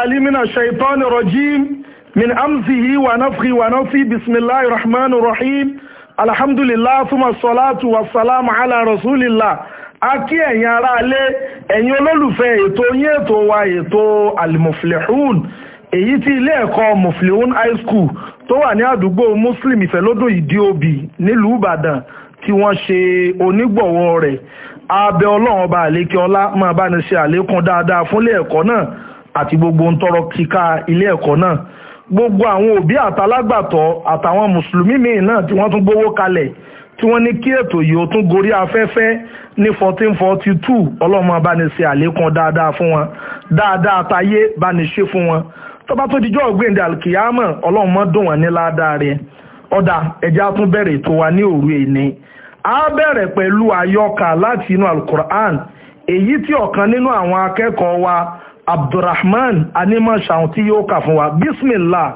بالله من الشيطان الرجيم من أمزه ونفخه ونفي بسم الله الرحمن الرحيم الحمد لله ثم الصلاة والسلام على رسول الله akí ẹ̀yin ará alẹ́ ẹ̀yin olólùfẹ́ ètò yín ètò wa ètò alimuflihun èyí tí ilé ẹ̀kọ́ muflihun high school tó wà ní àdúgbò muslim ìfẹ́lódùn ìdí òbí nílùú ìbàdàn tí wọ́n ṣe onígbọ̀wọ́ rẹ̀ abẹ́ ọlọ́run ọba àlékè ọlá máa bá ní ṣe àlékún dáadáa fúnlé ẹ̀kọ́ náà àti gbogbo ń tọrọ kíká ilé ẹ̀kọ́ náà gbogbo àwọn òbí àtàlágbàtọ́ àtàwọn mùsùlùmí míì náà tí wọ́n tún gbowó kalẹ̀ tí wọ́n ní kí ètò yìí ó tún gorí afẹ́fẹ́ ní fourteen forty two ọlọ́mọ abánisẹ àlékún dáadáa fún wọn dáadáa tayé bániṣe fún wọn tọ́ba tó dijọ́ ọ̀gbìndì alkiyama ọlọ́run mọ́ dùn wọ́n ní ládàá rẹ̀ ọ̀dà ẹja tún bẹ̀rẹ̀ ètò wa ní òru èní a bẹ̀rẹ̀ pẹ̀lú àyọkà láti inú alukur'an èyí tí ọ̀kan nínú àwọn akẹ́kọ̀ọ́ wa عبد الرحمن tí yóò kà fún wa bismillah.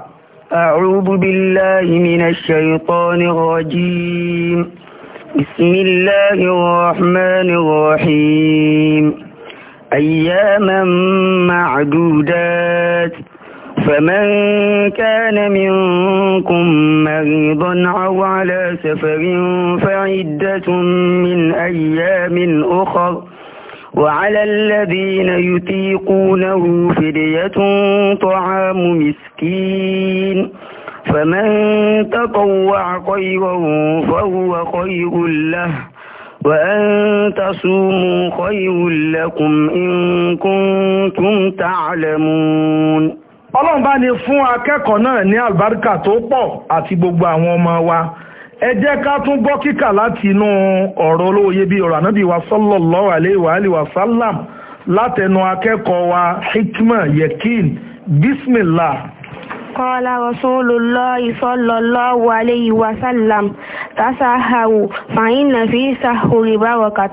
أعوذ بالله من الشيطان الرجيم بسم الله الرحمن الرحيم أياما معدودات فمن كان منكم مريضا أو على سفر فعدة من أيام أخر وعلى الذين يتيقونه فدية طعام مسكين فمن تطوع خيرا فهو خير له وأن تصوموا خير لكم إن كنتم تعلمون Ọlọ́run bá ní fún akẹ́kọ̀ọ́ náà ní àlùbáríkà tó pọ̀ àti gbogbo àwọn ọmọ wa ẹ jẹ́ ká tún gbọ́ kíkà láti inú ọ̀rọ̀ olówó iyebíye ọ̀rọ̀ ànábì wa sallallahu alaihi wa alihi wa sallam látẹnu akẹ́kọ̀ọ́ wa hikma yekin bismillah. قال رسول الله صلى الله عليه وسلم تسهروا فإن في سهر بركة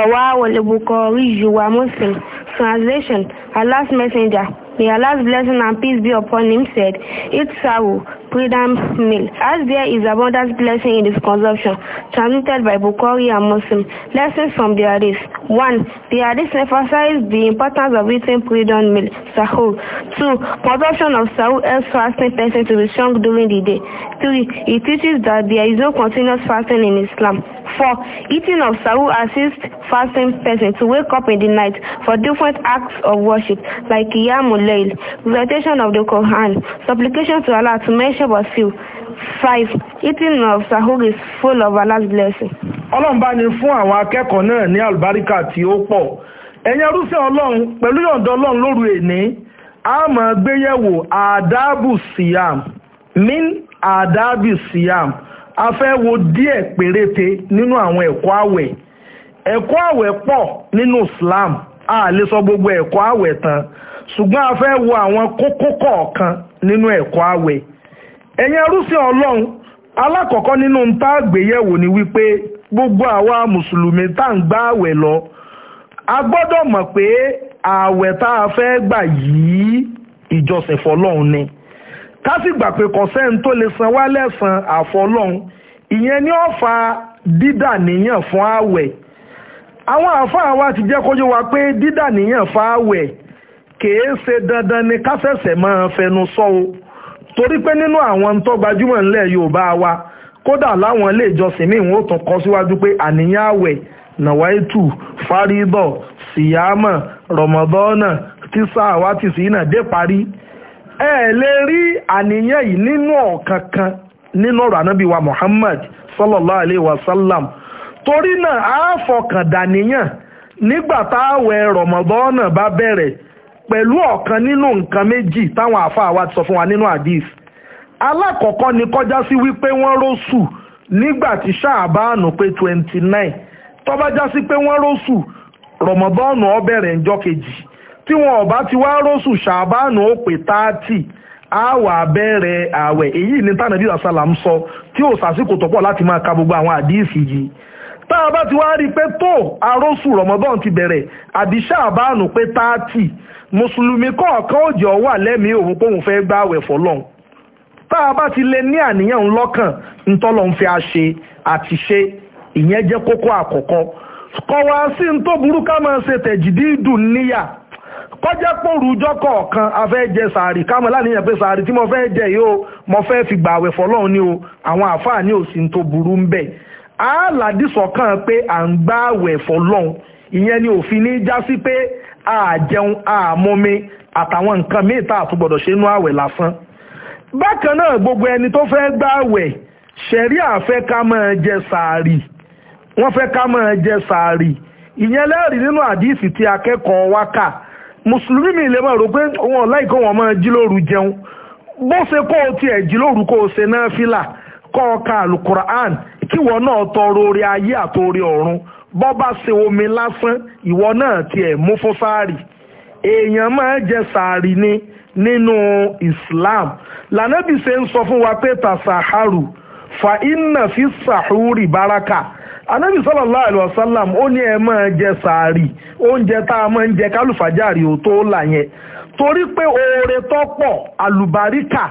رواه البخاري ومسلم Translation Allah's Messenger May last blessing and peace be upon him said, it's sorrow, Freedom's meal. As there is abundant blessing in this consumption, transmitted by Bukhari and Muslim. Lessons from the Hadith. 1. The Hadith emphasizes the importance of eating Freedom meal, sahur. 2. Consumption of sahur helps fasting person to be strong during the day. 3. It teaches that there is no continuous fasting in Islam. Four, eating of sahu assists fasting person to wake up in the night for different acts of worship like Qiyamul Layl, recitation of the Quran, supplication to Allah to mention but few. Five, eating of sahu is full of Allah's blessing. Ọlọ́run fún àwọn akẹ́kọ̀ọ́ náà ní àlùbáríkà tí ó pọ̀. Ẹ̀yin arúfẹ́ Ọlọ́run pẹ̀lú yọ̀ǹda Ọlọ́run lóru èní, a máa gbéyẹ̀wò àdábù síyàm, min àdábù síyàm. a fẹ́ wo díẹ̀ péréte nínú àwọn ẹ̀kọ́ àwẹ̀ ẹ̀kọ́ àwẹ̀ pọ̀ nínú Islam a lè sọ gbogbo ẹ̀kọ́ àwẹ̀ tán ṣùgbọ́n a fẹ́ wo àwọn kókó kọ̀ọ̀kan nínú ẹ̀kọ́ àwẹ̀ ẹ̀yin arúsìn Ọlọ́run alákọ̀ọ́kọ́ nínú tá àgbéyẹ̀wò ni wípé gbogbo àwa mùsùlùmí tá à ń gba àwẹ̀ lọ a gbọ́dọ̀ mọ̀ pé ààwẹ̀ tá a fẹ́ gbà yìí ìjọsìn fọlọ́run ni ká sì gbà pé kọ̀sẹ́ni tó lè san wá lẹ́san àfọlọ́hun ìyẹn ni ó fa dídà níyàn fún ààwẹ̀ àwọn àáfàá wa ti jẹ́ kójú wa pé dídà níyàn fún ààwẹ̀ kìí ṣe dandan ni ká ṣẹ̀ṣẹ̀ máa fẹnu sọ o torí pé nínú àwọn tó gbajúmọ̀ ńlẹ̀ Yorùbá wa kódà láwọn ilé ìjọsìn míì wọ́n tún kọ síwájú pé àníyàn ààwẹ̀ nàwáìtù fárídọ̀ síyámà rọ̀mọ̀dọ́nà tíṣà àwátìsí náà dé parí ẹ lè rí àníyàn yìí nínú ọ̀kan kan nínú ọ̀rọ̀ ànábì wa Muhammad sallallahu alayhi wa torí náà a fọkàn dàníyàn nígbà táwẹ̀ bá bẹ̀rẹ̀ pẹ̀lú ọ̀kan nínú nǹkan méjì táwọn afọ wa ti sọ hadith alákọ̀ọ́kọ́ ni kọjá sí wípé wọ́n nígbà tí pé twenty nine sí pé wọ́n kejì tí wọn ọba ti wá róṣù ṣàbánù ó pè táàtì á wà bẹ̀rẹ̀ ààwẹ̀ èyí ní tànàbí àṣàlà ń sọ tí ò sàsìkò tọ́pọ̀ láti máa ka gbogbo àwọn àdíìsì yìí tá a bá ti wá rí i pé tó arósù rọmọdán ti bẹ̀rẹ̀ àbí ṣàbánù pé táàtì mùsùlùmí kọ̀ọ̀kan ò jẹ́ ọwọ́ àlẹ́mí òun pé òun fẹ́ gbá àwẹ̀ fọlọ́n tá a bá ti lè ní àníyàn ńlọ́kàn ńtọ́lọ́ ń fẹ́ a ṣe àti ṣe ìyẹn jẹ́ kókó àkọ́kọ́ kọ̀wá sí ń tó burú ká ṣe tẹ̀jìdí dùn níyà kọjá pòrú ọjọ́ kọ̀ọ̀kan a fẹ́ jẹ sàárì kámọ́ láníyàn pé sàárì tí mo fẹ́ jẹ yìí mo fẹ́ fi gbà àwẹ̀ fọlọ́run ni o àwọn àfáà ní òsì tó burú ń bẹ̀ á làdísọ̀kan pé à ń gbà àwẹ̀ fọlọ́run ìyẹn ni òfin ní já sí pé a jẹun a mọ́mi àtàwọn nǹkan míì tá a tún gbọ́dọ̀ ṣe inú àwẹ̀ lásán bákan náà gbogbo ẹni tó fẹ́ gbà àwẹ̀ ṣẹ̀rí àfẹ́ ká máa jẹ sàárì wọ́n fẹ́ ká máa jẹ sàárì ìyẹn lẹ́rìí nínú àdíìsì tí akẹ́kọ̀ọ́ wákà mùsùlùmí mi lè máa rò pé òun ọ̀láìkọ́ wọn máa jí lóru jẹun bó ṣe kó o tiẹ̀ jí lóru kó o ṣe náà fìlà kọ́ ọ ka alukur'an kí wọn náà tọrọ orí ayé àtòrí ọ̀run bọ́ bá ṣe omi lásán ìwọ náà tiẹ̀ mú fún sáàrì èèyàn máa jẹ sàárì ni nínú Islam lànàbì ṣe ń sọ fún wa pé tasaharu fa inna fi sahuri baraka anabi sallallahu alaihi wasallam ó ní ẹ máa jẹ sàárì oúnjẹ tá a máa ń jẹ kálùfàjárì ò tó là yẹn torí pé oore tọ́pọ̀ àlùbáríkà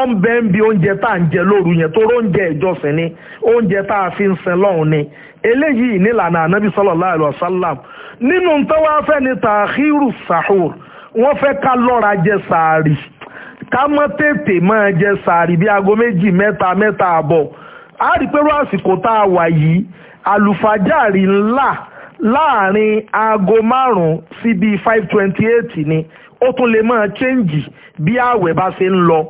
ọ̀nbẹ́ ń bi oúnjẹ tá à ń jẹ lóru yẹn tó róúnjẹ ìjọsìn ni oúnjẹ tá a fi ń sin lọ́hùn ni eléyìí nílànà anabi sallallahu alaihi wasallam nínú tó wá fẹ́ ni tàhírù sahur wọ́n fẹ́ ká lọ́ra jẹ sàárì ká mọ́ tètè máa jẹ sàárì bí aago méjì mẹ́ta mẹ́ta àbọ̀ a rí pé rú àsìkò tá a wà àlùfájàrí ńlá láàrin aago márùn-ún sí bíi five twenty eight ni ó tún lè máa chẹ́ǹgì bí ààwẹ̀ bá ṣe ń lọ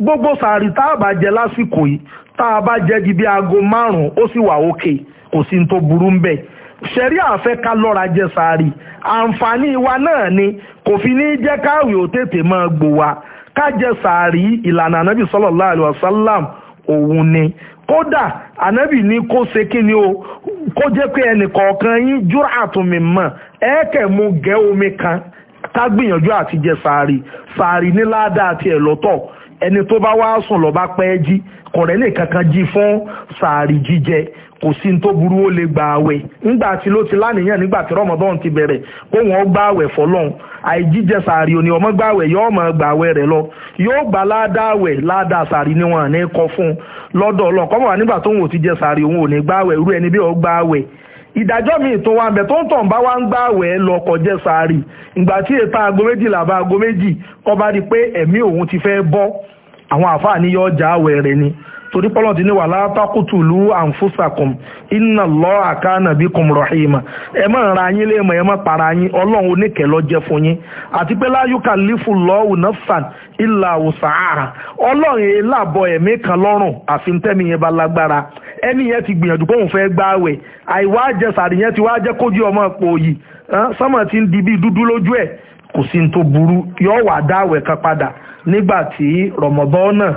gbogbo sàárì tá a bá jẹ lásìkò yìí tá a bá jẹ di bí aago márùn-ún ó sì wà òkè kò sí ní tó burú ń bẹ̀ ṣẹ̀rí àfẹ́ ká lọ́ra jẹ sàárì àǹfààní wa náà ni kò fi ní jẹ́ káwé ó tètè máa gbò wá ká jẹ sàárì ìlànà ànábì sallallahu alaihi wasallam òun ni kódà ànábì ní kó ṣe kí ni o kó jẹ́ pé ẹnìkọ̀ọ̀kan yín júrà àtúnmí mọ̀ ẹ̀ẹ́kẹ̀ mú gẹ́ omi kan ká gbìyànjú àti jẹ sàárì sàárì ní ládàá tiẹ̀ lọ́tọ̀ ẹni tó bá wá sùn lọ bá pẹ́ jí kọ̀rẹ́ lè kankan jí fún sàárì jíjẹ kò sí ní tó burú ó lè gba àwẹ̀ nígbà tí ló ti lánìyàn nígbà tí rọmọdún ti bẹ̀rẹ̀ kó wọn gbá àwẹ̀ fọlọ́n àìjíjẹ sàárì òní ọmọ gbá àwẹ̀ yóò mọ̀ gbà àwẹ̀ rẹ̀ lọ yóò gbà ládà àwẹ̀ ládà sàárì ni wọn ní kọ fún un lọ́dọ̀ ọlọ́kọ́mọ̀ nígbà tó ń wò ti jẹ sàárì òun ò ní gbá àwẹ̀ irú ẹni bí ó gbá àwẹ̀ ìdájọ́ mi tó wà ń bẹ̀ tó ń tàn bá wá ń gbà wẹ̀ lọ kọjẹ́ sáárì ìgbà tí èta aago méjìlá bá aago méjì kọ́ bá rí i pé ẹ̀mí òun ti fẹ́ bọ́ àwọn àfáà ní ọjà àwẹ̀ ni torí pọ́lọ̀ ní wà látàkùtù lú àǹfùsàkùn iná lọ kùn rọ̀hìmà ẹ ra yín lé para yín ọlọ́run lọ fún yín àti pé lífù lọ́wù ìlà òsàárà ọlọ́run e kan lọ́rùn àfi ń tẹ́mi yẹn bá ẹni yẹn ti gbìyànjú kóun fẹ́ gbààwẹ̀ àìwá àjẹsàrí yẹn ti wá jẹ́ kójú ọmọ pò yìí sọ́mọ̀ ti ń di bí dúdú lójú ẹ̀ kò sí ní tó burú yóò wà dáwẹ̀ kan padà nígbà tí rọ̀mọ̀bọ́n náà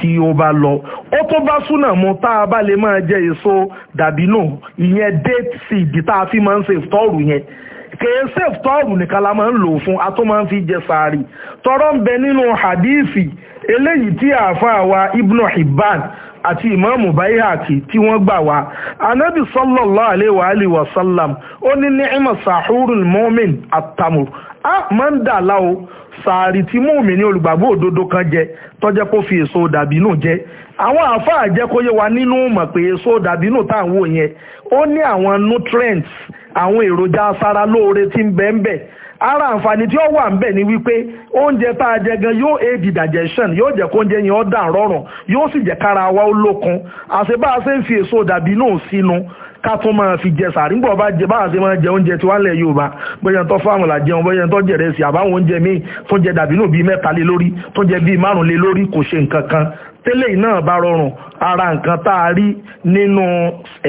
tí ó bá lọ ó tó bá súnà mu tá a bá lè máa jẹ èso dàbínù ìyẹn date seed tá a fi máa ń ṣe ìfọ́ọ̀rù yẹn kèé sèf tọ́ọ̀rù nìkan la máa ń lò fún a máa ń fi jẹ sàárì tọrọ ń bẹ nínú hadithi eléyìí tí àáfàá wa ibnu hibban àti ìmáàmù báyìhàkì tí wọ́n gbà wá anábì sallallahu alaihi wa alihi wa sallam ó ní ni'ma sahurul mu'min at-tamur a máa ń dà láwo sàárì tí mùmí ní olùgbàgbọ́ òdodo kan jẹ tọ́jẹ́ kó fi èso dàbínù jẹ àwọn àáfàá jẹ́ kó yé wa nínú mọ̀ pé èso dàbínù táwọn yẹn ó ní àwọn nutrients àwọn èròjà aṣara lóore tí ń bẹ ń bẹ ara àǹfààní tí ó wà ń bẹ ni wípé oúnjẹ tá a jẹ gan yóò aid digestion yóò jẹ́ kóúnjẹ yẹn ó dà rọrùn yóò sì jẹ́ kára wa ó lókun àṣebá a ṣe ń fi èso dàbí náà sínú ká tún máa fi jẹ sàrí ńgbọ̀ bá jẹ báyà sí máa jẹ oúnjẹ tí wà lẹ̀ Yorùbá bóyá tó fáwọn là jẹun bóyá tó jẹrẹ sí àbáwọn oúnjẹ míì tó jẹ dàbí nù bíi mẹ́ta lé lórí tó jẹ bíi márùn lé lórí kò ṣe nǹkan kan tẹ́lẹ̀ náà bá rọrùn ara nǹkan tá a rí nínú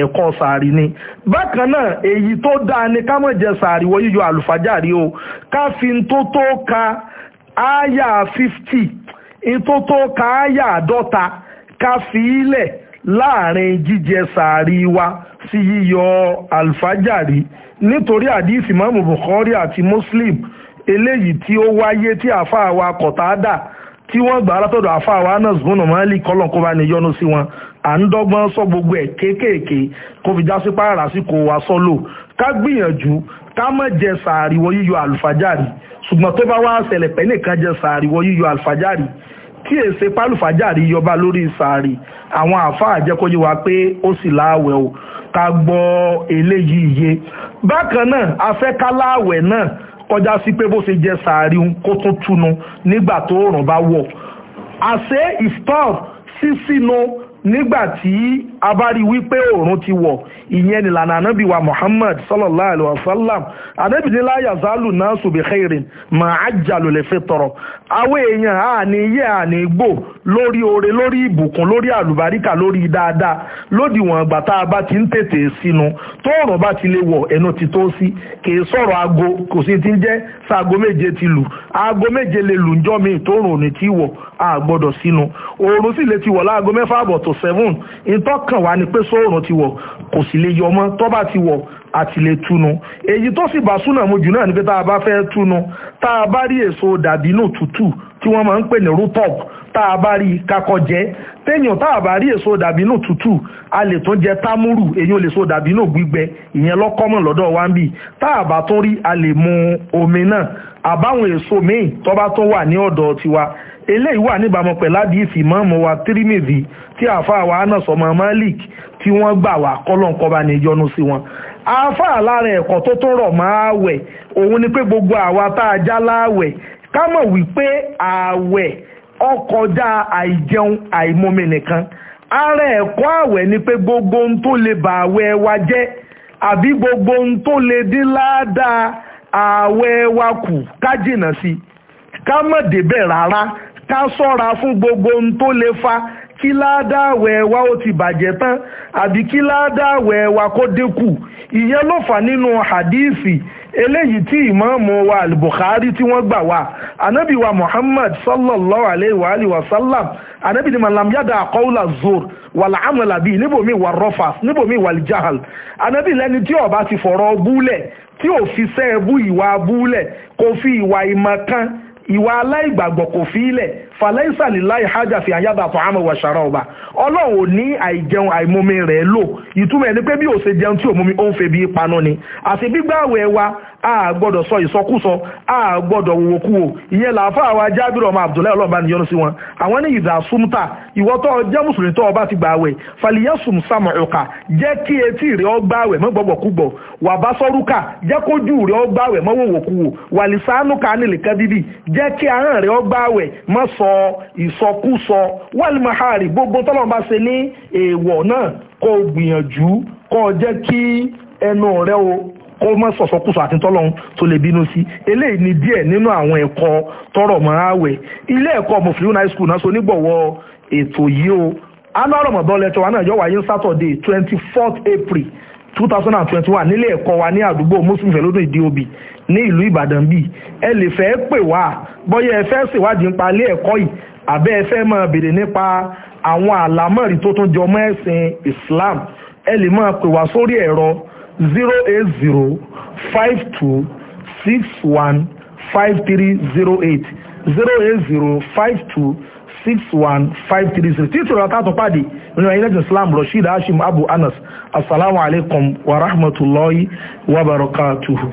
ẹ̀kọ́ sàárì ni bákan náà èyí tó dáa ni ká má sàárì wọ yíyọ àlùfájàrí o ká fi ń tó tó ka áyà fifty ń tó tó ka áyà àádọ́ta ká fi í lẹ̀ láàrin jíjẹ sàárì wa sí yíyọ àlùfájàrí nítorí àdìsí Imam Bukhari àti Muslim eléyìí tí ó wáyé tí àáfàá wa kọ̀tádà tí wọ́n gbà látọ̀dọ̀ àfa àwa náà zùmọ́nà mọ́lì kọ́lọ̀ kó bá ní yọnu sí wọn à ń dọ́gbọ́n sọ gbogbo ẹ̀ kéékèèké kó fi já sí pààrà sí kò wá sọ́lò ká gbìyànjú ká má jẹ sàárìwọ yíyọ àlùfájàrì ṣùgbọ́n tó bá wá ṣẹlẹ̀ pẹ́ nìkan jẹ sàárìwọ yíyọ àlùfájàrì tí èsè pálùfájàrí yọba lórí sàárì àwọn àáfàá jẹ́kọ́jú wa pé ó sì láàwẹ̀ o ká gbọ́ eléyìí yé bákan náà afẹ́káláàwẹ̀ náà kọjá sí pé bó ṣe jẹ sàárì ń kó tó túnu nígbà tó òrùn bá wọ̀ àṣé ìstọ́ọ̀ sísínú nígbà tí a bá rí wípé òòrùn ti wọ̀ ìyẹn nìlànà ànábì wa Muhammad sallallahu alaihi wasallam ànábì ní la yazalu nasu bi khairin ma ajjalu li fitra àwọn èèyàn àní yẹ àní gbò lórí oore lórí ìbùkún lórí àlùbáríkà lórí dáadáa lódiwọ̀n ìgbà tá a bá ti ń tètè sínú tóòrùn bá ti lè wọ̀ ẹnu ti tó sí kì í sọ̀rọ̀ aago kò sí ti ń jẹ́ sáago méje ti lù aago méje lè lù ńjọ́ mi tóòrùn ò ní ti wọ̀ a gbọ́dọ̀ sínú oòrùn sì lè ti wọ̀ láago mẹ́fà àbọ̀ tó seven ìtọ́kàn wá ni pé sóòrùn ti wọ̀ kò sì lè yọ mọ́ tó bá ti wọ̀ àti lè túnu èyí tó sì bá súnà mojú náà ni pé tá a bá fẹ́ túnu tá a bá rí èso dàbínú tútù tí wọ́n máa ń pè ní rutop tá a bá rí kakọ jẹ téèyàn tá a bá rí èso dàbínú tútù a lè tún jẹ támúrù èyí ò lè so dàbínú gbígbẹ ìyẹn lọ́kọ́mọ̀ lọ́dọ̀ wa ń bì tá bá tún rí a lè mu omi náà àbáwọn èso míì tó bá tún wà ní ọ̀dọ̀ tiwa eléyìí wà níbàámu pẹ̀lú àdìsí mọ́ọ̀mù wa tírímìdì tí àáfàá wa Anas ọmọ Malik tí wọ́n gbà wá kọ́lọ́ǹkọ́ba ní ìyọnu sí wọn àáfàá lára ẹ̀kọ́ tó tún rọ̀ máa wẹ̀ òun ni pé gbogbo àwa tá a já láàwẹ̀ ká mọ̀ wípé ààwẹ̀ ọkọjá àìjẹun àìmọ́mi nìkan ara ẹ̀kọ́ ààwẹ̀ ni pé gbogbo ohun tó lè bà ààwẹ̀ wa jẹ́ àbí gbogbo ohun tó lè dín ládàá ààwẹ̀ wa kù ká jìnnà sí ká má débẹ̀ rárá ká sọ́ra fún gbogbo ohun tó lè fa kí ládàáwẹ̀ wa ó ti bàjẹ́ tán àbí kí ládàáwẹ̀ wa kó dínkù ìyẹn ló fà nínú hadíìsì eléyìí tí ìmáàmù wa al-Bukhari tí wọ́n gbà wá anábì wa Muhammad sallallahu alayhi wa alihi wa sallam anábì ni malam yada qawla zur wàlà amalabi níbòmí wà rọfas níbòmí wà jahal anábì lẹ́ni tí ó bá ti fọ̀rọ̀ búlẹ̀ tí ò fi sẹ́ẹ̀bù ìwà búlẹ̀ kò fi ìwà ìmọ̀ kan ìwà aláìgbàgbọ́ kò fi ilẹ̀ fàlẹ́sà líláì hajj fi àyàbà fún àmọ̀ wà ṣàrà ọba ọlọ́run ò ní àìjẹun àìmumi rẹ̀ lò ìtumọ̀ ẹni pé bí ò ṣe jẹun tí ò mumi ó ń febi panu ni àti gbígbà àwẹ̀ wa a gbọ́dọ̀ sọ ìsọkúsọ a gbọ́dọ̀ wòwò kú o ìyẹn làáfà wa jábìrì ọmọ abdullahi ọlọ́ọ̀bá ni yọnu sí wọn àwọn ní ìdá súnmùtà ìwọ tó jẹ́ mùsùlùmí tó ọba ti gbà àwẹ̀ fàlìyẹ́sùn sàmù ọ̀kà jẹ́ kí etí rẹ̀ ọ gbà àwẹ̀ mọ́gbọ́gbọ̀ kúgbọ̀ wà bá sọ́rùkà jẹ́ kójú rẹ̀ ọ gbà àwẹ̀ mọ́wòwò kú o wàlìsánùkà nílìkẹ́ bíbí jẹ́ kí ahọ́n rẹ̀ ọ gbà àwẹ̀ mọ́ sọ ìsọkúsọ wàlúmọ̀hárì gbogbo tọ́lọ́run bá ṣe ní èèwọ̀ náà kó o gbìyànjú kó o jẹ́ kí ẹnu rẹ o kó o má sọ̀sọkúsọ àti tọ́lọ́run tó lè bínú sí eléyìí ni díẹ̀ nínú àwọn ẹ̀kọ́ tọrọ mọ́ àwẹ̀ ilé ẹ̀kọ́ mufliun high school náà so onígbọ̀wọ́ ètò yìí o anú ọ̀rọ̀mọ̀dọ́ lẹ́tọ̀ wa náà yọ wáyé sátọ̀dẹ̀ twenty fourth april 2021 nílé ẹ̀kọ́ wa ní àdúgbò muslim fẹ̀lódún ìdíobì ní ìlú ìbàdàn bíi ẹ lè fẹ́ pè wá bóyá ẹ fẹ́ ṣèwádìí nípa ilé ẹ̀kọ́ yìí àbẹ́ ẹ fẹ́ máa béèrè nípa àwọn àlámọ̀rí tó tún jọmọ́ ẹ̀sìn islam ẹ lè máa pè wá sórí ẹ̀rọ 08052615308 08052615308 six one five three zero títí ìrọ̀lá tààtún pàdé nínú ayé lẹ́jọ́ Islam Rasheed Hashim Abu Anas asalaamualeykum wa rahmatullahi wa barakatuhu.